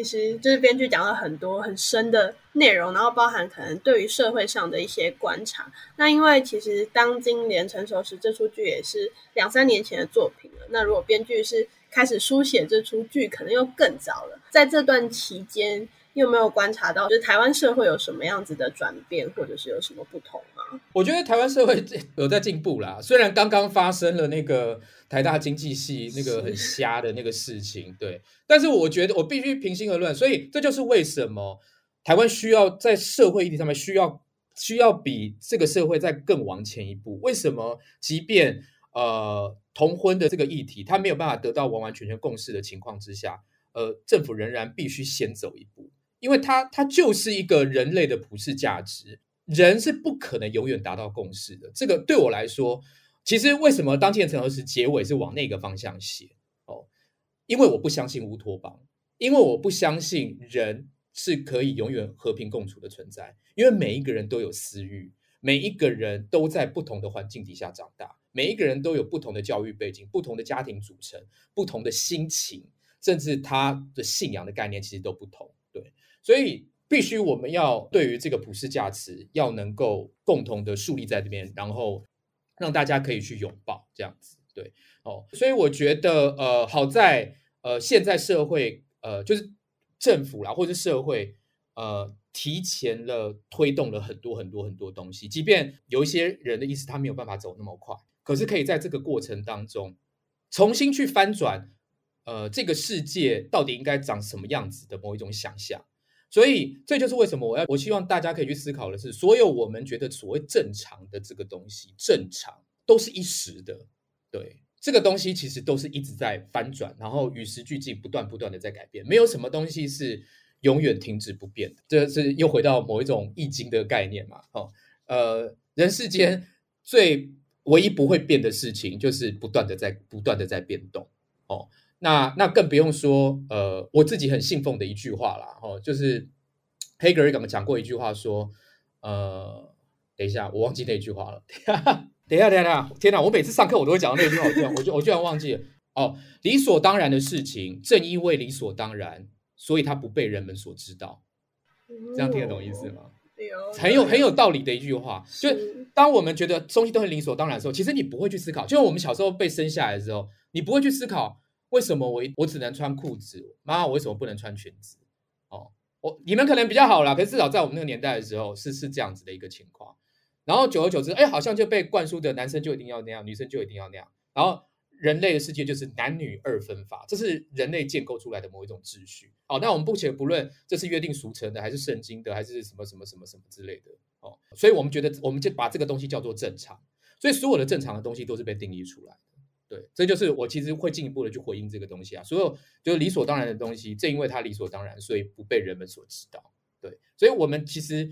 其實就是編劇講了很多很深的內容，然後包含可能對於社會上的一些觀察。那因為其實當金蓮成熟時，這出劇也是兩三年前的作品了，那如果編劇是開始書寫這出劇，可能又更早了。在這段期間，有沒有觀察到，就是台灣社會有什麼樣子的轉變，或者是有什麼不同？我覺得台灣社會有在進步啦，雖然剛剛發生了那個台大經濟系那個很瞎的那個事情，是對，但是我覺得我必須平心而論，所以這就是為什麼台灣需要在社會議題上面需要需要比這個社會再更往前一步。為什麼？即便呃同婚的這個議題，它沒有辦法得到完完全全共識的情況之下，呃，政府仍然必須先走一步，因為它它就是一個人類的普世價值。人是不可能永遠達到共識的。這個對我來說，其實為什麼《當金蓮成熟時》結尾是往那個方向寫？哦，因為我不相信烏托邦，因為我不相信人是可以永遠和平共處的存在。因為每一個人都有私慾，每一個人都在不同的環境底下長大，每一個人都有不同的教育背景、不同的家庭組成、不同的心情，甚至他的信仰的概念其實都不同。對，所以。必須我們要對於這個普世價值要能夠共同的樹立在這邊，然後讓大家可以去擁抱這樣子，對哦。所以我覺得，呃，好在呃，現在社會呃，就是政府啦，或是社會呃，提前了推動了很多很多很多東西，即便有一些人的意思他沒有辦法走那麼快，可是可以在這個過程當中重新去翻轉，呃，這個世界到底應該長什麼樣子的某一種想象。所以，這就是為什麼我要，我希望大家可以去思考的是，所有我們覺得所謂正常的這個東西，正常都是一時的，對，這個東西其實都是一直在翻轉，然後與時俱進，不斷不斷的在改變，沒有什麼東西是永遠停止不變的。這是又回到某一種易經的概念嘛？哦，呃，人世間最唯一不會變的事情，就是不斷的在不斷的在變動，哦。那那更不用說，呃，我自己很信奉的一句話了，哦，就是黑格爾給我們講過一句話，說，呃，等一下，我忘記那句話了。等一下，等一下，天哪！我每次上課我都會講到那句話， 我居我居然忘記了。哦，理所當然的事情，正因為理所當然，所以它不被人們所知道。這樣聽得懂意思嗎？很有很有道理的一句話，就是當我們覺得東西都很理所當然的時候，其實你不會去思考。就像我們小時候被生下來的時候，你不會去思考。為什麼我我只能穿褲子？媽，我為什麼不能穿裙子？哦，我你們可能比較好啦，可是至少在我們那個年代的時候，是是這樣子的一個情況。然後久而久之，哎，好像就被灌輸的男生就一定要那樣，女生就一定要那樣。然後人類的世界就是男女二分法，這是人類建構出來的某一種秩序。哦，那我們不且不論這是約定俗成的，還是聖經的，還是什麼什麼什麼什麼什麼之類的。哦，所以我們覺得我們就把這個東西叫做正常。所以所有的正常的東西都是被定義出來。對，這就是我其實會進一步的去回應這個東西啊。所有就是理所當然的東西，正因為它理所當然，所以不被人們所知道。對，所以我們其實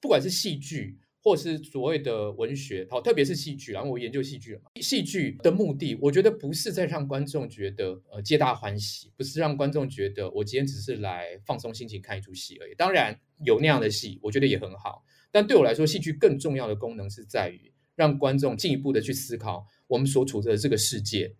不管是戲劇，或是所謂的文學，好，特別是戲劇，然後我研究戲劇了嘛。戲劇的目的，我覺得不是在讓觀眾覺得呃皆大歡喜，不是讓觀眾覺得我今天只是來放鬆心情看一出戲而已。當然有那樣的戲，我覺得也很好。但對我來說，戲劇更重要的功能是在於讓觀眾進一步的去思考。我們所處的這個世界，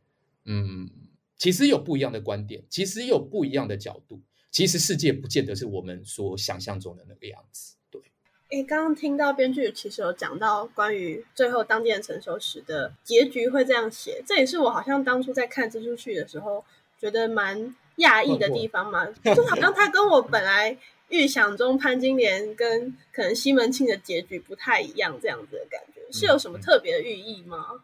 嗯，其實有不一樣的觀點，其實有不一樣的角度，其實世界不見得是我們所想象中的那個樣子。對，哎，剛剛聽到編劇其實有講到關於最後當金蓮成熟時的結局會這樣寫，這也是我好像當初在看這齣戲的時候覺得蠻訝異的地方嘛， 就好像他跟我本來預想中潘金蓮跟可能西門慶的結局不太一樣這樣子的感覺，是有什麼特別的寓意嗎？嗯嗯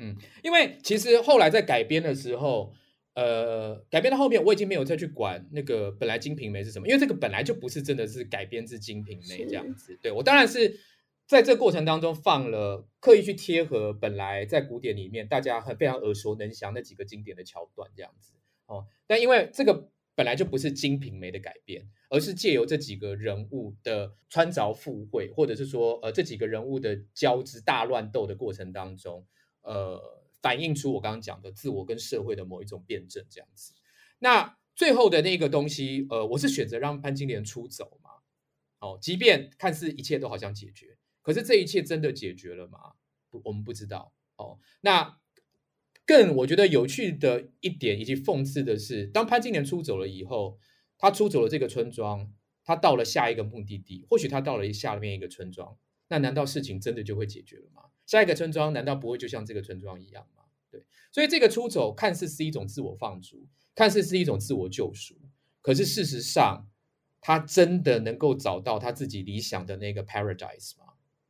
嗯，因為其實後來在改編的時候，呃，改編到後面，我已經沒有再去管那個本來《金瓶梅》是什麼，因為這個本來就不是真的是改編自《金瓶梅》這樣子。是對，我當然是在這過程當中放了刻意去貼合本來在古典裡面大家很非常耳熟能詳那幾個經典的橋段這樣子哦。但因為這個本來就不是《金瓶梅》的改編，而是借由這幾個人物的穿鑿附會，或者是說呃這幾個人物的交織大亂鬥的過程當中。呃，反映出我剛剛講的自我跟社會的某一種辯證這樣子。那最後的那個東西，呃，我是選擇讓潘金蓮出走嘛。哦，即便看似一切都好像解決，可是這一切真的解決了嗎？不，我們不知道。哦，那更我覺得有趣的一點以及諷刺的是，當潘金蓮出走了以後，他出走了這個村莊，他到了下一個目的地，或許他到了下面一個村莊，那難道事情真的就會解決了嗎？下一個村莊難道不會就像這個村莊一樣嗎？對，所以這個出走看似是一種自我放逐，看似是一種自我救贖，可是事實上，他真的能夠找到他自己理想的那個 paradise 嗎？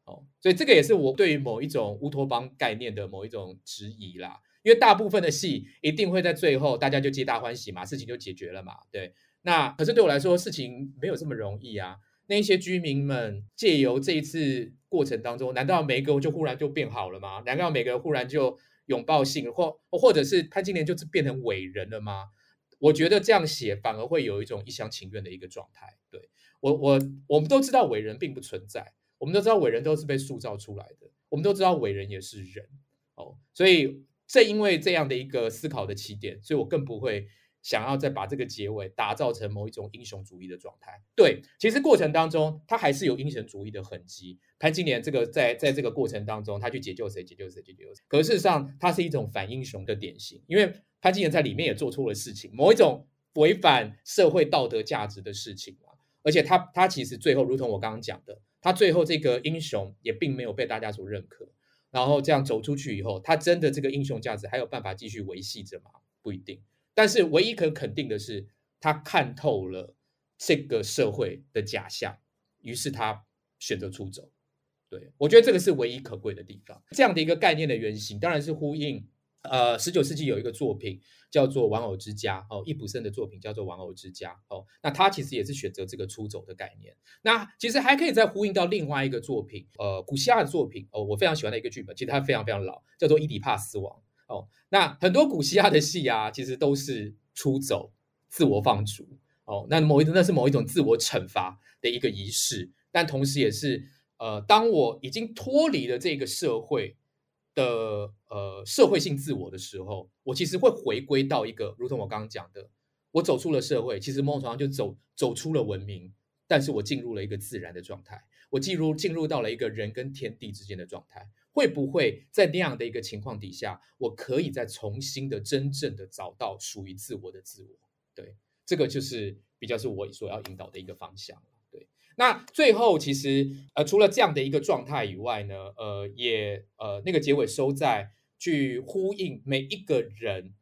哦，所以這個也是我對於某一種烏托邦概念的某一種質疑啦。因為大部分的戲一定會在最後大家就皆大歡喜嘛，事情就解決了嘛。對，那可是對我來說，事情沒有這麼容易啊。那些居民們借由這一次過程當中，難道每個人就忽然就變好了嗎？難道每個人忽然就擁抱性或或者是潘金蓮就是變成偉人了嗎？我覺得這樣寫反而會有一種一廂情願的一個狀態。對，我我我們都知道偉人並不存在，我們都知道偉人都是被塑造出來的，我們都知道偉人也是人哦。所以正因為這樣的一個思考的起點，所以我更不會。想要再把這個結尾打造成某一種英雄主義的狀態，對，其實過程當中他還是有英雄主義的痕跡。潘金蓮這個在在這個過程當中，他去解救誰，解救誰，解救誰，可是事實上他是一種反英雄的典型，因為潘金蓮在裡面也做錯了事情，某一種違反社會道德價值的事情嘛，啊。而且他他其實最後，如同我剛剛講的，他最後這個英雄也並沒有被大家所認可。然後這樣走出去以後，他真的這個英雄價值還有辦法繼續維繫着嗎？不一定。但是唯一可肯定的是，他看透了這個社會的假象，於是他選擇出走。對，我覺得這個是唯一可貴的地方。這樣的一個概念的原型，當然是呼應呃十九世紀有一個作品叫做《玩偶之家》哦，易卜生的作品叫做《玩偶之家》哦。那他其實也是選擇這個出走的概念。那其實還可以再呼應到另外一個作品，呃，古希臘的作品哦，我非常喜歡的一個劇本，其實它非常非常老，叫做《伊底帕斯王》。哦，那很多古希臘的戲啊，其實都是出走、自我放逐。哦，那某一種那是某一種自我懲罰的一個儀式，但同時也是，呃，當我已經脫離了這個社會的呃社會性自我的時候，我其實會回歸到一個，如同我剛剛講的，我走出了社會，其實某種程度上就走走出了文明，但是我進入了一個自然的狀態，我進入進入到了一個人跟天地之間的狀態。會不會在那樣的一個情況底下，我可以再重新的、真正的找到屬於自我的自我？對，這個就是比較是我所要引導的一個方向。對，那最後其實呃，除了這樣的一個狀態以外呢，呃，也呃，那個結尾收在去呼應每一個人，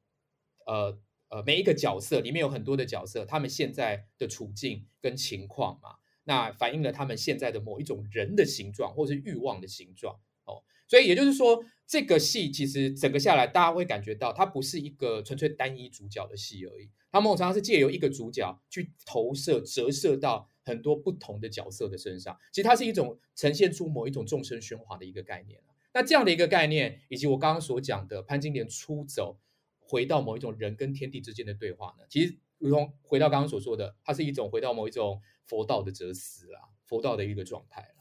呃呃，每一個角色裡面有很多的角色，他們現在的處境跟情況嘛，那反映了他們現在的某一種人的形狀，或是欲望的形狀哦。所以也就是說，這個戲其實整個下來，大家會感覺到它不是一個純粹單一主角的戲而已。它們常常是借由一個主角去投射、折射到很多不同的角色的身上。其實它是一種呈現出某一種眾生喧嘩的一個概念。那這樣的一個概念，以及我剛剛所講的潘金蓮出走，回到某一種人跟天地之間的對話呢，其實如同回到剛剛所說的，它是一種回到某一種佛道的哲思啊，佛道的一個狀態。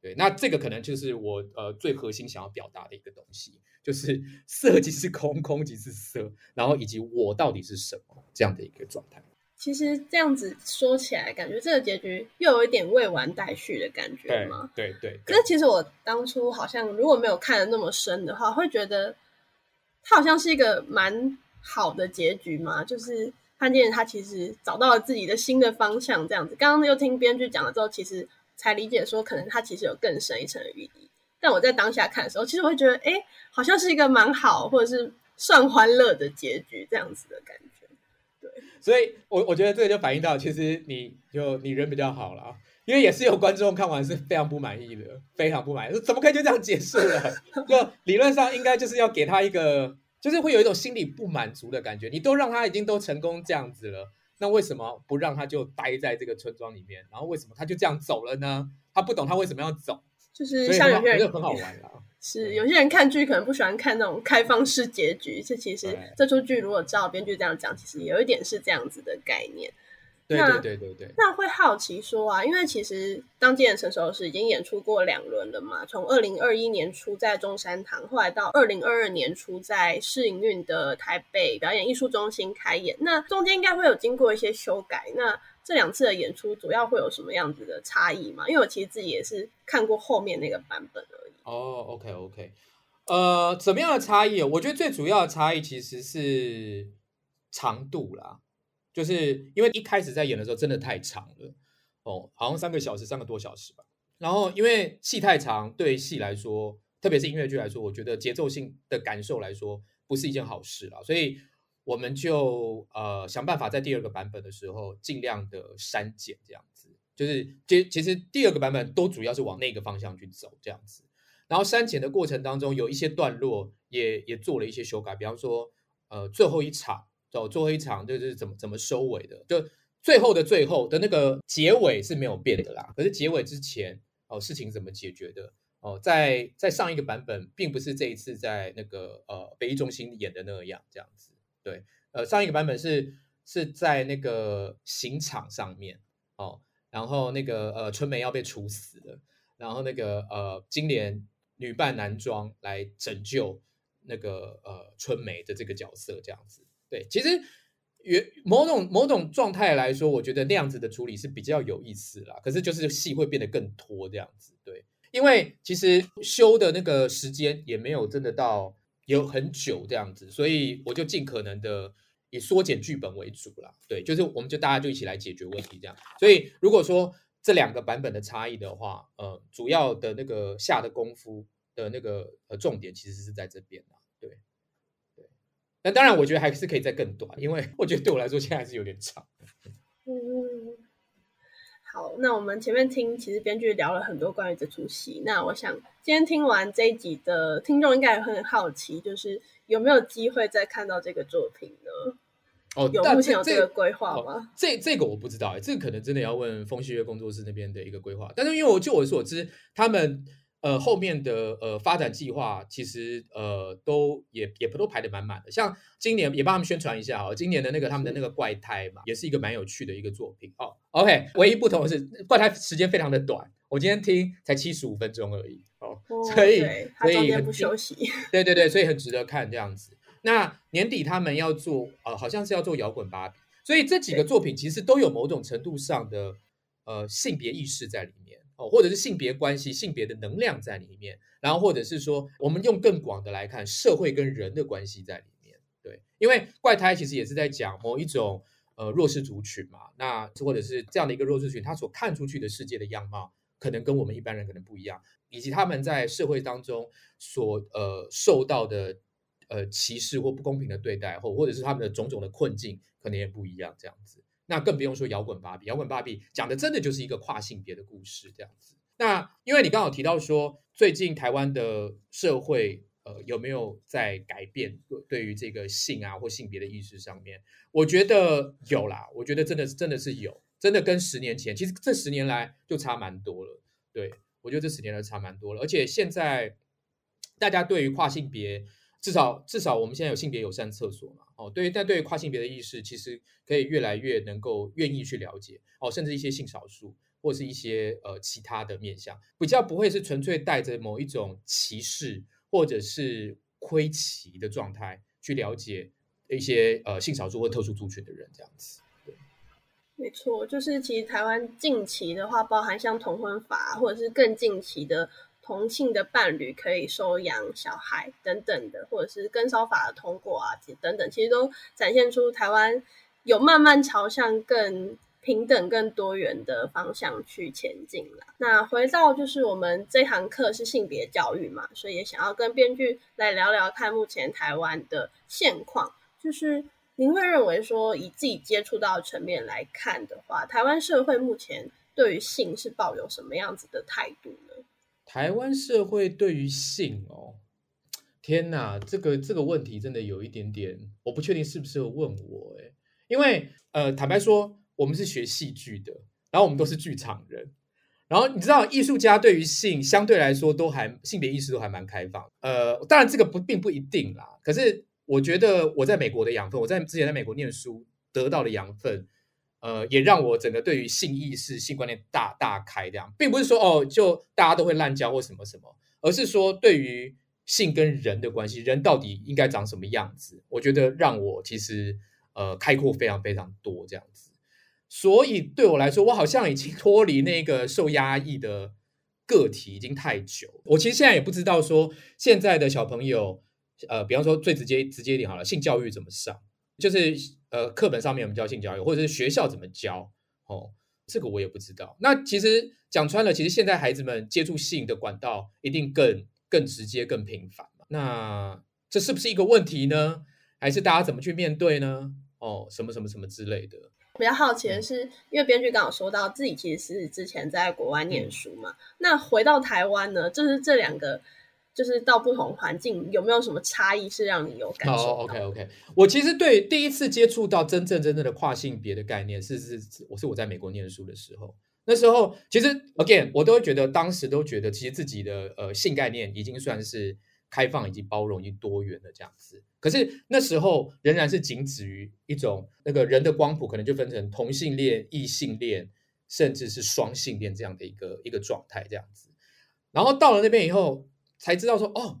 對，那這個可能就是我呃最核心想要表達的一個東西，就是色即是空，空即是色，然後以及我到底是什麼這樣的一個狀態。其實這樣子說起來，感覺這個結局又有一點未完待續的感覺。對，對嗎？對對。可是其實我當初好像如果沒有看得那麼深的話，會覺得他好像是一個蠻好的結局嘛，就是潘金蓮他其實找到了自己的新的方向，這樣子。剛剛又聽編劇講了之後，其實。才理解說，可能他其實有更深一層的寓意。但我在當下看的時候，其實我會覺得，哎，好像是一個蠻好，或者是算歡樂的結局這樣子的感覺。對，所以我我覺得這個就反映到，其實你就你人比較好了，因為也是有觀眾看完是非常不滿意的，非常不滿意，說怎麼可以就這樣結束了？就理論上應該就是要給他一個，就是會有一種心理不滿足的感覺。你都讓他已經都成功這樣子了。那為什麼不讓他就待在這個村莊裡面？然後為什麼他就這樣走了呢？他不懂他為什麼要走，就是像有些人，所以就很好玩了、啊。 是有些人看劇可能不喜歡看那種開放式結局，這、嗯、其實這出劇如果照編劇這樣講，其實有一點是這樣子的概念。那對對對對，對，那，那會好奇說啊，因為其實《當巨人成熟時》已經演出過兩輪了嘛，從二零二一年初在中山堂，後來到二零二二年初在市營運的台北表演藝術中心開演，那中間應該會有經過一些修改，那這兩次的演出主要會有什麼樣子的差異嗎？因為我其實自己也是看過後面那個版本而已。哦、oh,，OK OK，呃，怎麼樣的差異？我覺得最主要的差異其實是長度啦。就是因為一開始在演的時候真的太長了，哦，好像三個小時、三個多小時吧。然後因為戲太長，對於戲來說，特別是音樂劇來說，我覺得節奏性的感受來說不是一件好事啊。所以我們就呃想辦法在第二個版本的時候儘量的刪減，這樣子。就是其其實第二個版本都主要是往那個方向去走，這樣子。然後刪減的過程當中，有一些段落也也做了一些修改，比方說呃最後一場。最後一場就是怎麼怎麼收尾的，就最後的最後的那個結尾是沒有變的啦。可是結尾之前哦，事情怎麼解決的哦？在在上一個版本，並不是這一次在那個呃北藝中心演的那樣這樣子。對，呃，上一個版本是是在那個刑場上面哦，然後那個呃春梅要被處死了，然後那個呃金蓮女扮男裝來拯救那個呃春梅的這個角色這樣子。對，其實，某種某種狀態來說，我覺得那樣子的處理是比較有意思啦。可是就是戲會變得更拖這樣子，對，因為其實修的那個時間也沒有真的到有很久這樣子，所以我就盡可能的以縮減劇本為主啦。對，就是我們就大家就一起來解決問題這樣。所以如果說這兩個版本的差異的話，呃，主要的那個下的功夫的那個呃重點其實是在這邊啦。那當然，我覺得還是可以再更短，因為我覺得對我來說現在還是有點長。嗯，好，那我們前面聽其實編劇聊了很多關於這出戲，那我想今天聽完這一集的聽眾應該也很好奇，就是有沒有機會再看到這個作品呢？哦，有，但這，目前有這、這個規劃嗎？哦、這這個我不知道哎、欸，這可能真的要問風信月工作室那邊的一個規劃，但是因為就我所知，他們。呃，後面的呃發展計劃其實呃都也也不都排得滿滿的，像今年也幫他們宣傳一下哦，今年的那個他們的那個怪胎嘛，也是一個蠻有趣的一個作品哦。Oh, OK，唯一不同的是怪胎時間非常的短，我今天聽才七十五分鐘而已。oh, 哦，所以所以不休息，對對對，所以很值得看這樣子。那年底他們要做呃好像是要做搖滾芭比，所以這幾個作品其實都有某種程度上的呃性別意識在裡面。或者是性別關係、性別的能量在裡面，然後或者是說，我們用更廣的來看，社會跟人的關係在裡面。對，因為怪胎其實也是在講某一種呃弱勢族群嘛，那或者是這樣的一個弱勢群，他所看出去的世界的樣貌，可能跟我們一般人可能不一樣，以及他們在社會當中所呃受到的呃歧視或不公平的對待，或或者是他們的種種的困境，可能也不一樣這樣子。那更不用說搖滾芭比，搖滾芭比講的真的就是一個跨性別的故事這樣子。那因為你剛好提到說，最近台灣的社會，呃，有沒有在改變對，對於這個性啊或性別的意識上面？我覺得有啦，我覺得真的是真的是有，真的跟十年前其實這十年來就差蠻多了。對，我覺得這十年來差蠻多了，而且現在大家對於跨性別。至少，至少我們現在有性別友善廁所嘛？哦，對，但對於跨性別的意識，其實可以越來越能夠願意去了解哦，甚至一些性少數或是一些呃其他的面向，比較不會是純粹帶着某一種歧視或者是窺奇的狀態去了解一些呃性少數或特殊族群的人這樣子。對，沒錯，就是其實台灣近期的話，包含像同婚法，或者是更近期的。同性的伴侶可以收養小孩等等的，或者是跟修法的通過啊等等，其實都展現出台灣有慢慢朝向更平等、更多元的方向去前進了。那回到就是我們這堂課是性別教育嘛，所以也想要跟編劇來聊聊，看目前台灣的現況。就是您會認為說，以自己接觸到的層面來看的話，台灣社會目前對於性是抱有什麼樣子的態度呢？台灣社會對於性哦，天哪，這個這個問題真的有一點點，我不確定是不是會問我哎，因為呃，坦白說，我們是學戲劇的，然後我們都是劇場人，然後你知道藝術家對於性相對來說都還性別意識都還蠻開放，呃，當然這個不並不一定啦，可是我覺得我在美國的養分，我在之前在美國唸書得到的養分。呃，也讓我整個對於性意識、性觀念大大開這樣，並不是說哦，就大家都會濫交或什麼什麼，而是說對於性跟人的關係，人到底應該長什麼樣子，我覺得讓我其實呃開闊非常非常多這樣子。所以對我來說，我好像已經脫離那個受壓抑的個體已經太久。我其實現在也不知道說現在的小朋友，呃，比方說最直接直接一點好了，性教育怎麼上？就是。呃，課本上面我們教性教育，或者是學校怎麼教？哦，這個我也不知道。那其實講穿了，其實現在孩子們接觸性的管道一定更更直接、更頻繁嘛。那這是不是一個問題呢？還是大家怎麼去面對呢？哦，什麼什麼什麼之類的。比較好奇的是，嗯、因為編劇剛剛有說到自己其實是之前在國外念書嘛，嗯、那回到台灣呢，就是這兩個。就是到不同環境有沒有什麼差異是讓你有感受？OK，OK，我其實對第一次接觸到真正真正的跨性別的概念，是是我是我在美國念書的時候。那時候其實，again，我都覺得當時都覺得其實自己的呃性概念已經算是開放以及包容與多元的這樣子。可是那時候仍然是僅止於一種那個人的光譜可能就分成同性戀、異性戀，甚至是雙性戀這樣的一個一個狀態這樣子。然後到了那邊以後，才知道說哦，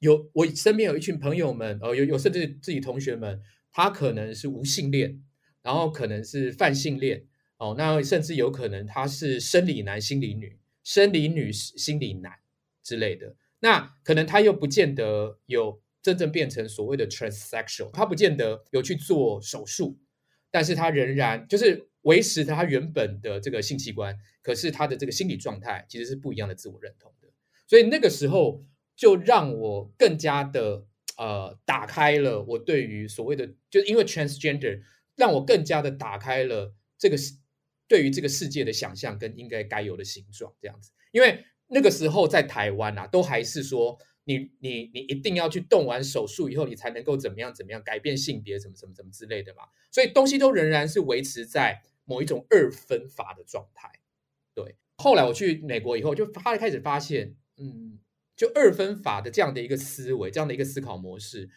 有我身邊有一群朋友們哦、呃，有有甚至自己同學們，他可能是無性戀，然後可能是泛性戀哦，那甚至有可能他是生理男心理女，生理女心理男之類的。那可能他又不見得有真正變成所謂的 transsexual，他不見得有去做手術，但是他仍然就是維持他原本的這個性器官，可是他的這個心理狀態其實是不一樣的自我認同的。所以那個時候就讓我更加的呃打開了我對於所謂的，就因為 transgender 讓我更加的打開了這個對於這個世界的想象跟應該該有的形狀這樣子。因為那個時候在台灣啊，都還是說你你你一定要去動完手術以後，你才能夠怎麼樣怎麼樣改變性別，什麼什麼什麼之類的嘛。所以東西都仍然是維持在某一種二分法的狀態。對，後來我去美國以後，就他開始發現。嗯，就二分法的這樣的一個思維，這樣的一個思考模式，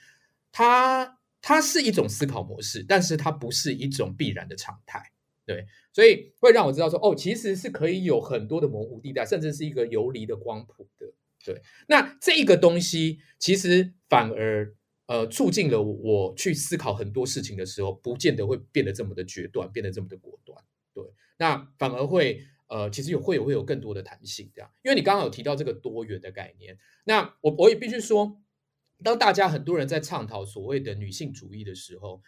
它它是一種思考模式，但是它不是一種必然的常態，對，所以會讓我知道說，哦，其實是可以有很多的模糊地帶，甚至是一個游離的光譜的，對，那這個東西其實反而呃促進了我去思考很多事情的時候，不見得會變得這麼的決斷，變得這麼的果斷，對，那反而會。呃，其實有會有會有更多的彈性，這樣，因為你剛剛有提到這個多元的概念。那我我也必須說，當大家很多人在倡導所謂的女性主義的時候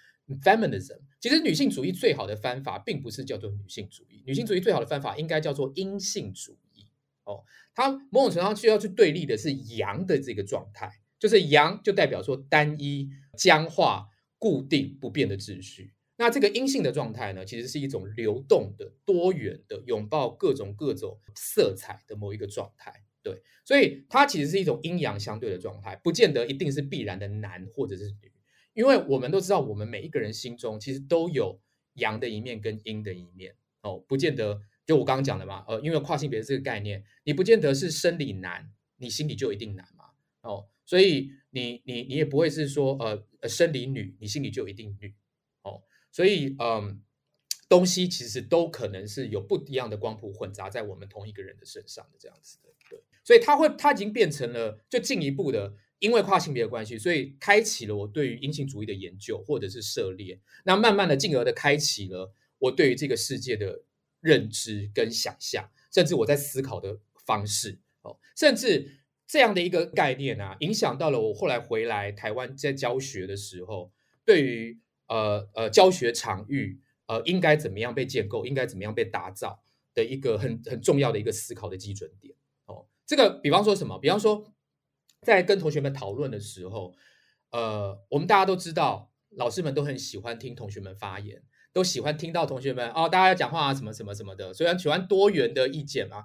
，feminism，其實女性主義最好的方法，並不是叫做女性主義，女性主義最好的方法應該叫做陰性主義。哦，它某種程度上需要去對立的是陽的這個狀態，就是陽就代表說單一、僵化、固定、不變的秩序。那這個陰性的狀態呢，其實是一種流動的、多元的，擁抱各種各種色彩的某一個狀態。對，所以它其實是一種陰陽相對的狀態，不見得一定是必然的男或者是女。因為我們都知道，我們每一個人心中其實都有陽的一面跟陰的一面哦，不見得就我剛剛講的嘛，呃，因為跨性別這個概念，你不見得是生理男，你心裡就一定男嘛，哦，所以你你你也不會是說呃生理女，你心裡就一定女。所以，嗯，東西其實都可能是有不一樣的光譜混雜在我們同一個人的身上的這樣子的，對。所以，它會，它已經變成了，就進一步的，因為跨性別的關係，所以開啟了我對於陰性主義的研究或者是涉獵。那慢慢的，進而的開啟了我對於這個世界的認知跟想象，甚至我在思考的方式，哦，甚至這樣的一個概念啊，影響到了我後來回來台灣在教學的時候，對於。呃呃，教學場域呃，應該怎麼樣被建構？應該怎麼樣被打造？的一個很很重要的一個思考的基準點哦。這個比方說什麼？比方說，在跟同學們討論的時候，呃，我們大家都知道，老師們都很喜歡聽同學們發言，都喜歡聽到同學們哦，大家要講話啊，什麼什麼什麼的，所以很喜歡多元的意見嘛、啊。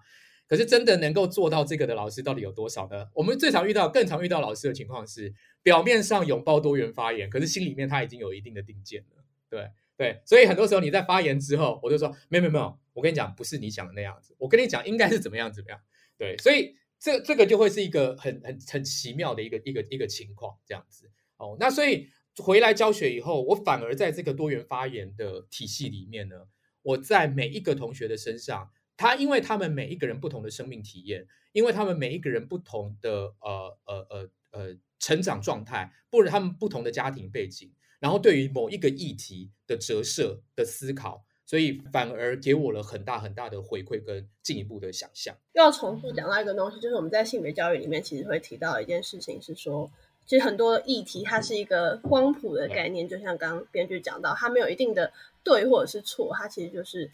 可是真的能夠做到這個的老師到底有多少呢？我們最常遇到、更常遇到老師的情況是，表面上擁抱多元發言，可是心裡面他已經有一定的定見了。對對，所以很多時候你在發言之後，我就說，沒有沒有沒有，我跟你講，不是你想的那樣子，我跟你講應該是怎麼樣怎麼樣。對，所以這這個就會是一個很很很奇妙的一個一個一個情況這樣子。哦，那所以回來教學以後，我反而在這個多元發言的體系裡面呢，我在每一個同學的身上。他因為他們每一個人不同的生命體驗，因為他們每一個人不同的呃呃呃呃成長狀態，不如他們不同的家庭背景，然後對於某一個議題的折射的思考，所以反而給我了很大很大的回饋跟進一步的想象。又要重複講到一個東西，就是我們在性別教育裡面其實會提到一件事情，是說其實很多議題它是一個光譜的概念，嗯、就像剛剛編劇講到，它沒有一定的對或者是錯，它其實就是。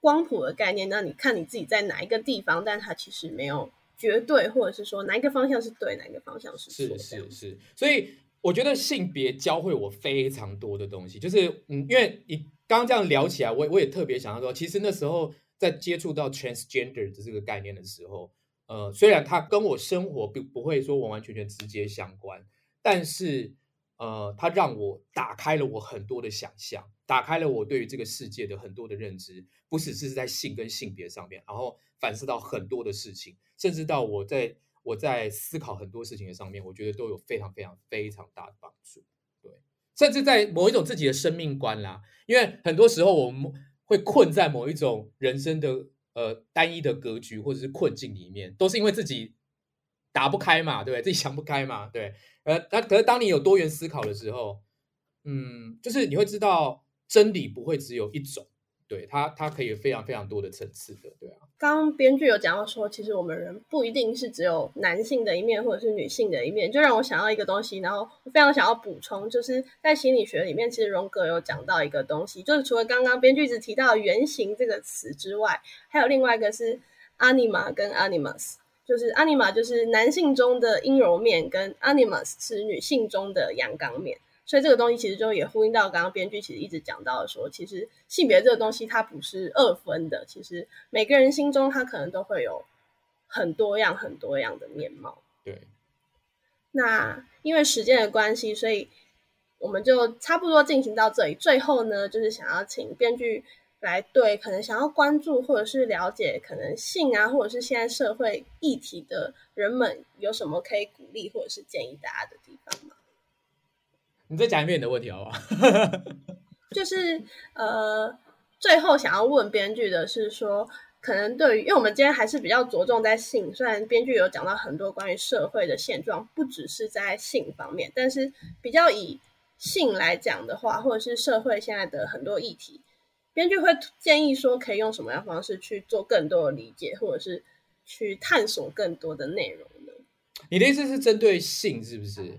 光譜的概念，那你看你自己在哪一個地方，但它其實沒有絕對，或者是說哪一個方向是對，哪一個方向是錯。是是是，所以我覺得性別教會我非常多的東西，就是嗯，因為你剛剛這樣聊起來，我我也特別想要說，其實那時候在接觸到 transgender 的這個概念的時候，呃，雖然它跟我生活不不會說完完全全直接相關，但是呃，它讓我打開了我很多的想象。打開了我對於這個世界的很多的認知，不只是在性跟性別上面，然後反思到很多的事情，甚至到我在我在思考很多事情的上面，我覺得都有非常非常非常大的幫助。對，甚至在某一種自己的生命觀啦，因為很多時候我們會困在某一種人生的呃單一的格局或者是困境裡面，都是因為自己打不開嘛，對不對？自己想不開嘛，對。呃，那可是當你有多元思考的時候，嗯，就是你會知道。真理不會只有一種，對，它它可以有非常非常多的層次的，對啊。剛剛編劇有講到說，其實我們人不一定是只有男性的一面或者是女性的一面，就讓我想到一個東西，然後我非常想要補充，就是在心理學裡面，其實榮格有講到一個東西，就是除了剛剛編劇只提到原型這個詞之外，還有另外一個是阿尼瑪跟阿尼瑪斯，就是阿尼瑪就是男性中的陰柔面，跟阿尼瑪斯是女性中的陽剛面。所以這個東西其實就也呼應到剛剛編劇其實一直講到的說，說其實性別這個東西它不是二分的，其實每個人心中它可能都會有很多樣很多樣的面貌。對、嗯。那因為時間的關係，所以我們就差不多進行到這裡。最後呢，就是想要請編劇來對，可能想要關注或者是了解可能性啊，或者是現在社會議題的人們，有什麼可以鼓勵或者是建議大家的地方嗎？你再講一遍你的問題，好不好？ 就是呃，最後想要問編劇的是說，可能對於，因為我們今天還是比較着重在性，雖然編劇有講到很多關於社會的現狀，不只是在性方面，但是比較以性來講的話，或者是社會現在的很多議題，編劇會建議說，可以用什麼樣的方式去做更多的理解，或者是去探索更多的內容呢？你的意思是針對性，是不是？嗯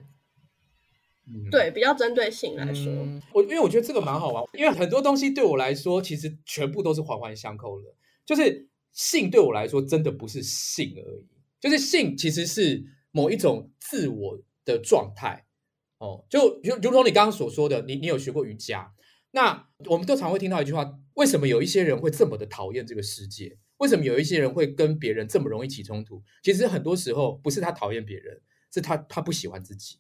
嗯，對，比較針對性來說，嗯，我因為我覺得這個蠻好玩，因為很多東西對我來說，其實全部都是環環相扣的。就是性對我來說，真的不是性而已，就是性其實是某一種自我的狀態。哦，就如如同你剛剛所說的，你你有學過瑜伽，那我們都常會聽到一句話：為什麼有一些人會這麼的討厭這個世界？為什麼有一些人會跟別人這麼容易起衝突？其實很多時候不是他討厭別人，是他他不喜歡自己。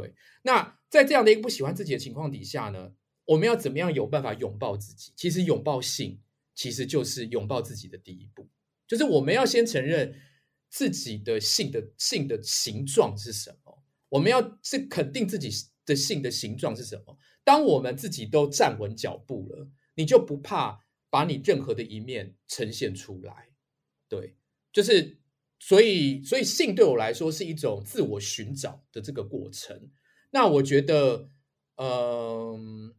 對，那在這樣的一個不喜歡自己的情況底下呢，我們要怎麼樣有辦法擁抱自己？其實擁抱性其實就是擁抱自己的第一步，就是我們要先承認自己的性的性的形狀是什麼，我們要是肯定自己的性的形狀是什麼。當我們自己都站穩腳步了，你就不怕把你任何的一面呈現出來。對，就是。所以，所以性對我來說是一種自我尋找的這個過程。那我覺得，嗯、呃，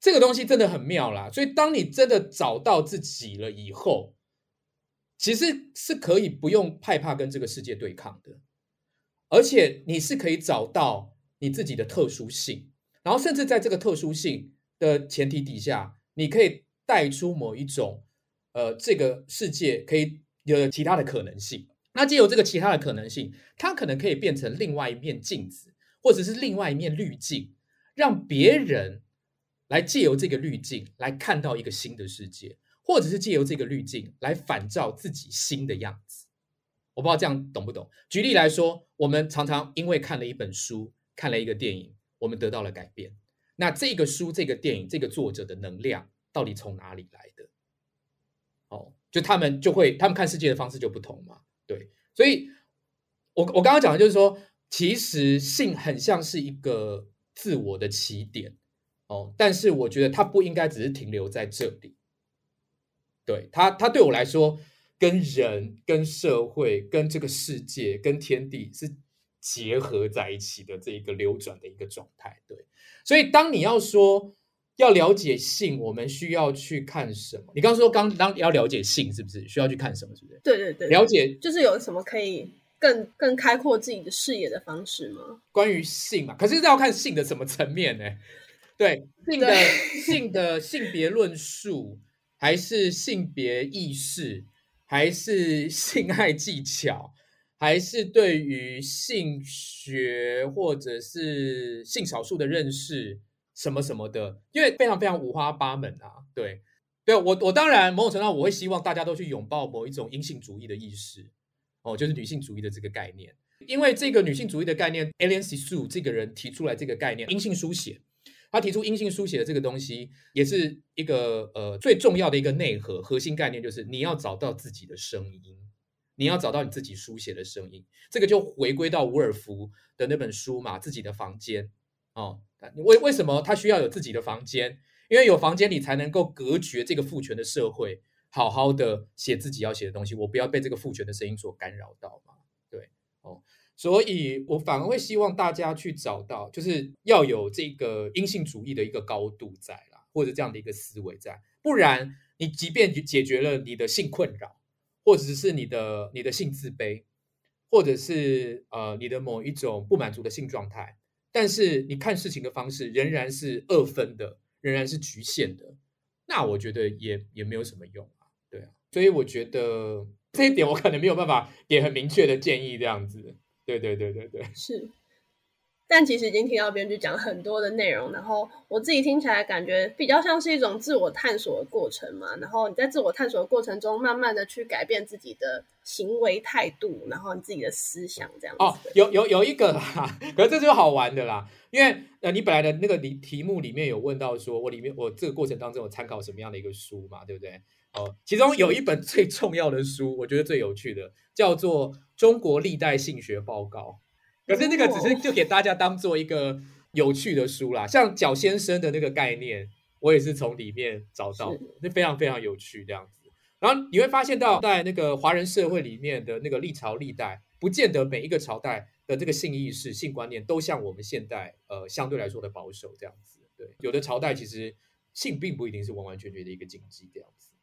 這個東西真的很妙啦。所以，當你真的找到自己了以後，其實是可以不用害怕跟這個世界對抗的。而且，你是可以找到你自己的特殊性，然後甚至在這個特殊性的前提底下，你可以帶出某一種，呃，這個世界可以。有其他的可能性，那借由這個其他的可能性，它可能可以變成另外一面鏡子，或者是另外一面濾鏡，讓別人來借由這個濾鏡來看到一個新的世界，或者是借由這個濾鏡來反照自己新的樣子。我不知道這樣懂不懂？舉例來說，我們常常因為看了一本書、看了一個電影，我們得到了改變。那這個書、這個電影、這個作者的能量到底從哪裡來的？哦。就他們就會，他們看世界的方式就不同嘛，對。所以我我剛剛講的就是說，其實性很像是一個自我的起點哦，但是我覺得它不應該只是停留在這裡。對它，它對我來說，跟人、跟社會、跟這個世界、跟天地是結合在一起的這一個流轉的一個狀態。對，所以當你要說。要了解性，我們需要去看什麼？你剛剛說剛剛要了解性，是不是需要去看什麼？是不是？對對對，了解就是有什麼可以更更開闊自己的視野的方式嗎？關於性嘛，可是這要看性的什麼層面呢？對性的性的性別論述，還是性別意識，還是性愛技巧，還是對於性學或者是性少數的認識？什麼什麼的，因為非常非常五花八門啊，對對，我我當然某種程度上我會希望大家都去擁抱某一種陰性主義的意識，哦，就是女性主義的這個概念，因為這個女性主義的概念，Alien Sue、嗯、這個人提出來這個概念，陰性書寫，他提出陰性書寫的這個東西，也是一個呃最重要的一個內核核心概念，就是你要找到自己的聲音，你要找到你自己書寫的聲音，這個就回歸到伍爾夫的那本書嘛，自己的房間。哦，為為什麼他需要有自己的房間？因為有房間你才能夠隔絕這個父權的社會，好好的寫自己要寫的東西。我不要被這個父權的聲音所干擾到嘛。對，哦，所以我反而會希望大家去找到，就是要有這個陰性主義的一個高度在啦，或者這樣的一個思維在。不然，你即便解決了你的性困擾，或者是你的你的性自卑，或者是呃你的某一種不滿足的性狀態。但是你看事情的方式仍然是二分的，仍然是侷限的，那我覺得也也沒有什麼用啊，對啊，所以我覺得這一點我可能沒有辦法給很明確的建議這樣子，對對對對對，是。但其實已經聽到編劇講很多的內容，然後我自己聽起來感覺比較像是一種自我探索的過程嘛。然後你在自我探索的過程中，慢慢的去改變自己的行為態度，然後你自己的思想這樣子。哦，有有有一個啦，可是這就是好玩的啦。因為呃，你本來的那個題題目裡面有問到說我裡面我這個過程當中有參考什麼樣的一個書嘛，對不對？哦，其中有一本最重要的書，我覺得最有趣的，叫做《中國歷代性學報告》。可是那個只是就給大家當做一個有趣的書啦，像角先生的那個概念，我也是從裡面找到的，那非常非常有趣這樣子。然後你會發現到在那個華人社會裡面的那個歷朝歷代，不見得每一個朝代的這個性意識、性觀念都像我們現代呃相對來說的保守這樣子。對，有的朝代其實性並不一定是完完全全的一個禁忌這樣子。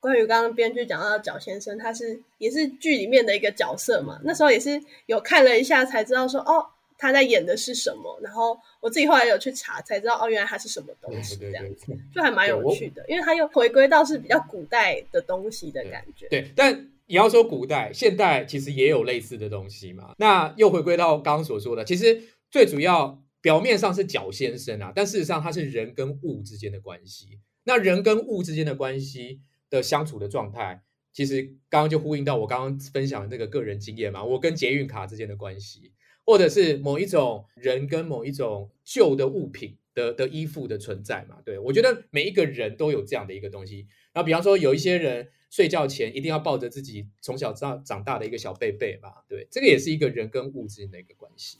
關於剛剛編劇講到角先生，他是也是劇裡面的一個角色嘛。嗯、那時候也是有看了一下，才知道說哦，他在演的是什麼。然後我自己後來有去查，才知道哦，原來他是什麼東西，這樣子對對對，就還蠻有趣的。對，因為他又回歸到是比較古代的東西的感覺。對、對，但也要說古代、現代，其實也有類似的東西嘛。那又回歸到剛剛所說的，其實最主要表面上是角先生啊，但事實上他是人跟物之間的關係。那人跟物之間的關係的相處的狀態，其實剛剛就呼應到我剛剛分享的那個個人經驗嘛，我跟捷運卡之間的關係，或者是某一種人跟某一種舊的物品的的依附的存在嘛，對我覺得每一個人都有這樣的一個東西。然後比方說有一些人睡覺前一定要抱着自己從小到長大的一個小被被嘛，對，這個也是一個人跟物質的一個關係。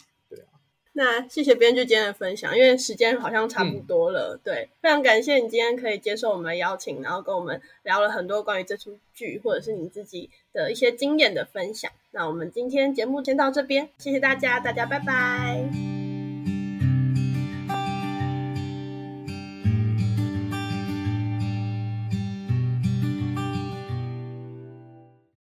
那謝謝編劇今天的分享，因為時間好像差不多了。嗯、對，非常感謝你今天可以接受我們的邀請，然後跟我們聊了很多關於這齣劇，或者是你自己的一些經驗的分享。那我們今天節目先到這邊，謝謝大家，大家拜拜。